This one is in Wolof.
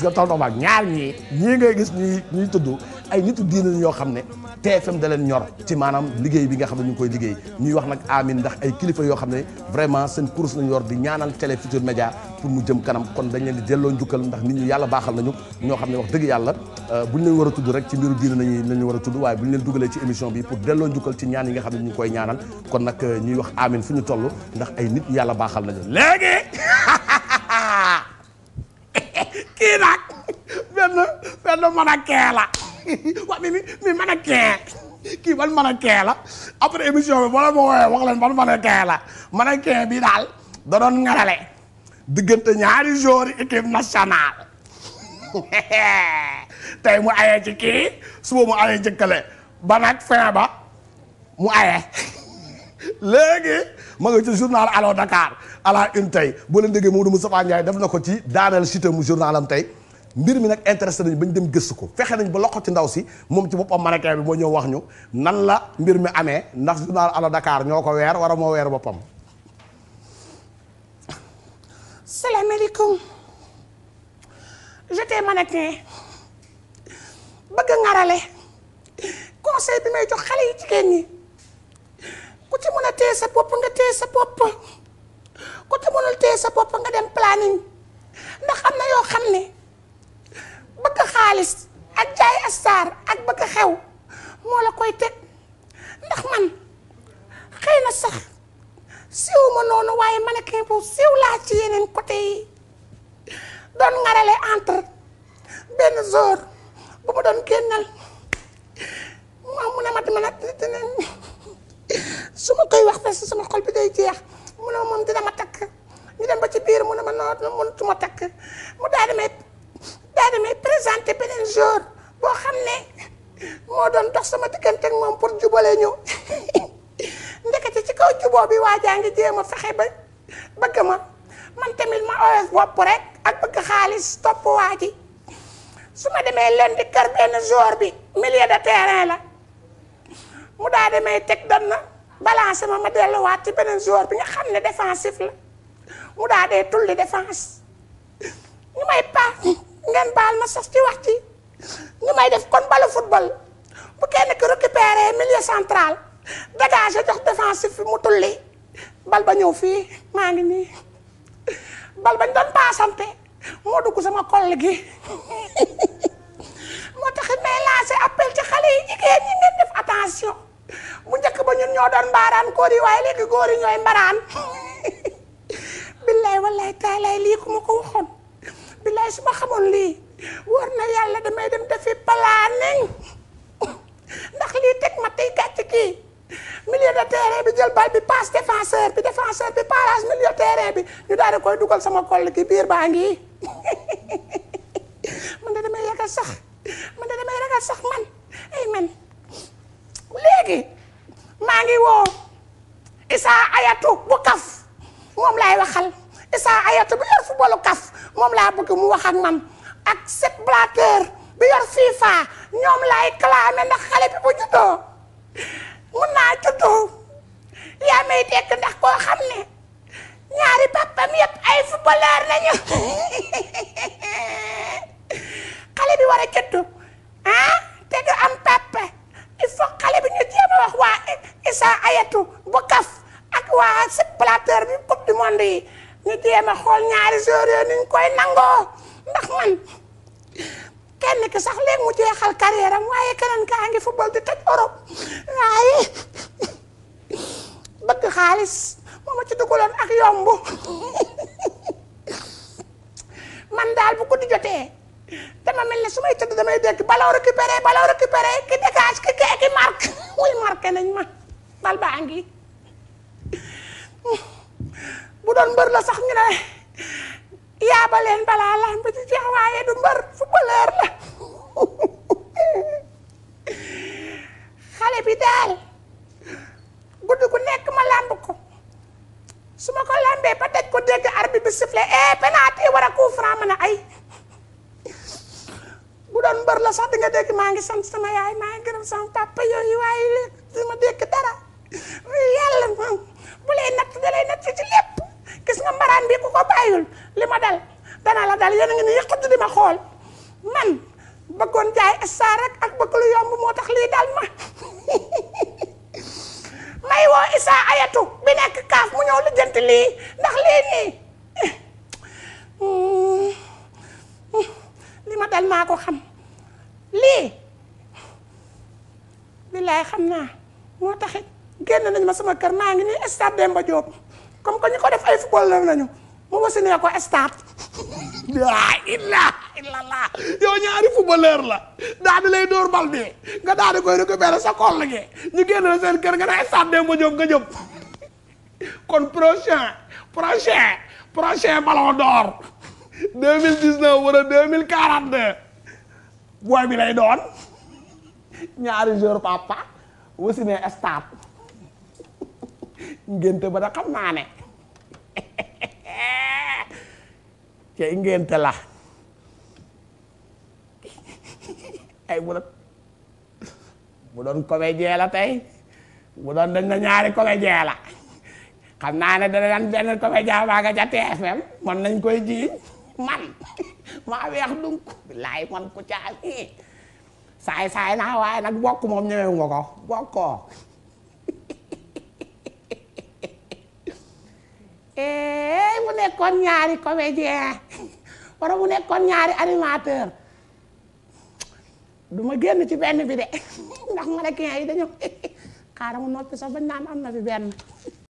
gis nga tonton ñaar ñii ñii ngay gis ñuy ñuy tudd ay nitu diine ñoo xam ne TFM da leen ñor ci maanaam liggéey bi nga xam ne ñu ngi koy liggéey ñuy wax nag amin ndax ay kilifa yoo xam ne vraiment seen course lañu yor di ñaanal Télé Futurs Médias pour mu jëm kanam kon dañ leen di delloo njukkal ndax nit ñu yàlla baaxal nañu ñoo xam ne wax dëgg yàlla euh, buñ leen war a tudd rek ci mbiru diine nañu lañu war a tudd waaye buñ leen dugalee ci émission bi pour delloo njukkal ci ñaan yi nga xam ne kon nag euh, ñuy wax amin fu toll ndax ay nit yàlla baaxal nañu léegi benn mannequin la waaw mi mi mi mannequin kii ban mannequin la après émission bi wala ma woowee wax leen ban mannequin la mannequin bi daal da doon ngarale diggante ñaari joueurs équipe nationale tey mu ayee ci kii suba mu ayee ci kële ba nag fin ba mu ayee léegi ma nga ci journal Allo Dakar à la tey boo leen déggee Mamadou Moustapha Ndiaye def na ko ci daaneel sitam journalam tey mbir mi nag intéressé nañu ba dem gëstu ko fexe nañ ba loxoti ndaw si moom ci boppam mannequin bi moo ñëw wax ñu nan la mbir mi amee ndax journal Dakar ñoo ko weer wala moo weer boppam. salaamaaleykum may jox xale yi jigéen ñi ku ci mën a téye sa bopp nga téye sa bopp ku ci mënul téye sa bopp nga dem planning ndax am na yoo xam ne. xaalis ak jaay astar ak bëgg a xew moo la koy teg ndax man xëy na sax siiw ma noonu waaye mannequin bu siiw ci yeneen côté yi doon ngarale entre benn jour bu mu doon génnal moom mu ne ma dama dina su dem ba ci biir mu ne ma noonu mënutuma takk mu daal di laa demee présenté beneen jour boo xam ne moo doon dox sama diggante moom pour jubale ñu ndekete ci kaw juboo bi waa jaa ngi jéem a fexe bëgg ma man tamit ma oyof bopp rek ak bëgg xaalis topp waa ji su ma demee leen kër benn jour bi milieu de terrain la mu daa demee teg doon na balancé ma ma delluwaat ci beneen jour bi nga xam ne défensif la mu daa dee tulli défense ñu may ma sas ci wax ci ñu may def kon balu football bu kenn ki récupéré milieu central dégagé jox défensif mu tulli bal ba ñëw fii maa ngi nii bal bañ doon paasante moo dugg sama koll gi moo taxit may lancé appel ci xale yi jigéen ñi ngeen def attention bu njëkk ba ñun ñoo doon mbaaraan góor yi waaye léegi góor yi ñooy mbaraan billaay wallaay taalaay lii ku ma ko waxoon billaay su ma xamoon lii war na yàlla damay dem defi planning ndax lii teg ma tey gàcc kii milieu de terrain bi jël bal bi passe défenseur bi défenseur bi parage milieu terrain bi ñu daal koy dugal sama koll ki biir baa ngi man de damay ragal sax man de damay ragal sax man ay man léegi maa ngi woo Issa Ayatou bu kaf moom laay waxal Issa Ayatou bu yor footballu kaf moom laa bëgg mu wax ak man ak set blatter bi yor FIFA ñoom lay clamé ndax xale bi bu juddoo mun naa juddoo yaa may dégg ndax koo xam ne ñaari pappam yëpp ay footballeur lañu xale bi war a juddu ah te du am papa il faut xale bi ñu jéem a wax waa Issa Ayatou bu kaf ak waa set blatter bi coupe du monde yi jéem a xool ñaari sœur yooyu koy nangoo ndax man kenn ki sax léegi mu jeexal carrière waaye keneen kaa ngi football di toj Europe waaye bëgg xaalis moo ma ci dugaloon ak yomb man daal bu guddi jotee dama mel ne su may tëdd damay dégg ballon récupéré ballon récupéré ki dégage ki kee ki marque muy marqué nañ ma bal baa bu doon mbër la sax ñu ne yaaba balaa lamb ci jeex waaye du mbër footballeur la xale bi daal guddi gu nekk ma lamb ko su ma ko lambee ba daj ko dégg arbitre bi sifflé eh penalty war a coup franc ma ne ay bu doon mbër la sax di dégg maa ngi sant sama yaay maa ngi gërëm sama papa yooyu waaye léegi ma dégg dara yàlla moom bu lay natt da lay natt ci lépp. gis nga mbaraan bi ku ko bàyyul li ma dal dana la dal yéen a ngi ni yëqatu di ma xool man bëggoon jaay star rek ak bëgg lu yomb moo tax lii dal ma may woo Issa Ayatou bi nekk kaaf mu ñëw lu jënt lii ndax lii nii li ma dal maa ko xam lii billaay xam naa moo taxit génn nañ ma sama kër maa ngi nii stade Demba Diop comme que ñu ko def ay footballeur lañu wasinee ko stade laa ilaa illallah yow ñaari footballeur la daal di lay dóor bal bi nga daal di koy récupérer sa koll gi ñu génn la seen kër nga ne stade Demba Diop nga jëm kon prochain prochain prochain ballon d'or deux mille quarante deux booy bi lay doon ñaari joueur papa wasinee stade ngénte ba da xam naa ne cay la ay bu doon bu doon comédien la tey bu doon dañ na ñaari comédien la xam naa ne da daan benn comédien baa nga ca TFM man nañ koy jiiñ man maa weex dunk bilaay man ku caa saay saay naa waaye nag bokk moom ñemewu nga ko bokkoo mu nekkoon ñaari comédien wala mu nekkoon ñaari animateur duma génn ci benn bi de ndax mannequin yi dañoo xaaral mu noppi sax bañ naan am na benn